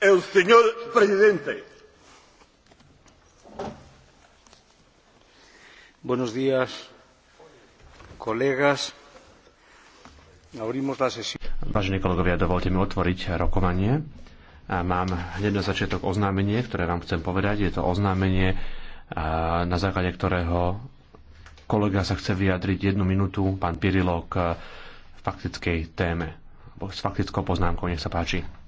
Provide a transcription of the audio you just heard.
El señor presidente. Buenos días, colegas. Abrimos la sesión. Vážení kolegovia, dovolte mi otvoriť rokovanie. Mám hneď na začiatok oznámenie, ktoré vám chcem povedať. Je to oznámenie, na základe ktorého kolega sa chce vyjadriť jednu minútu, pán Pirilo, k faktickej téme. S faktickou poznámkou, nech sa páči.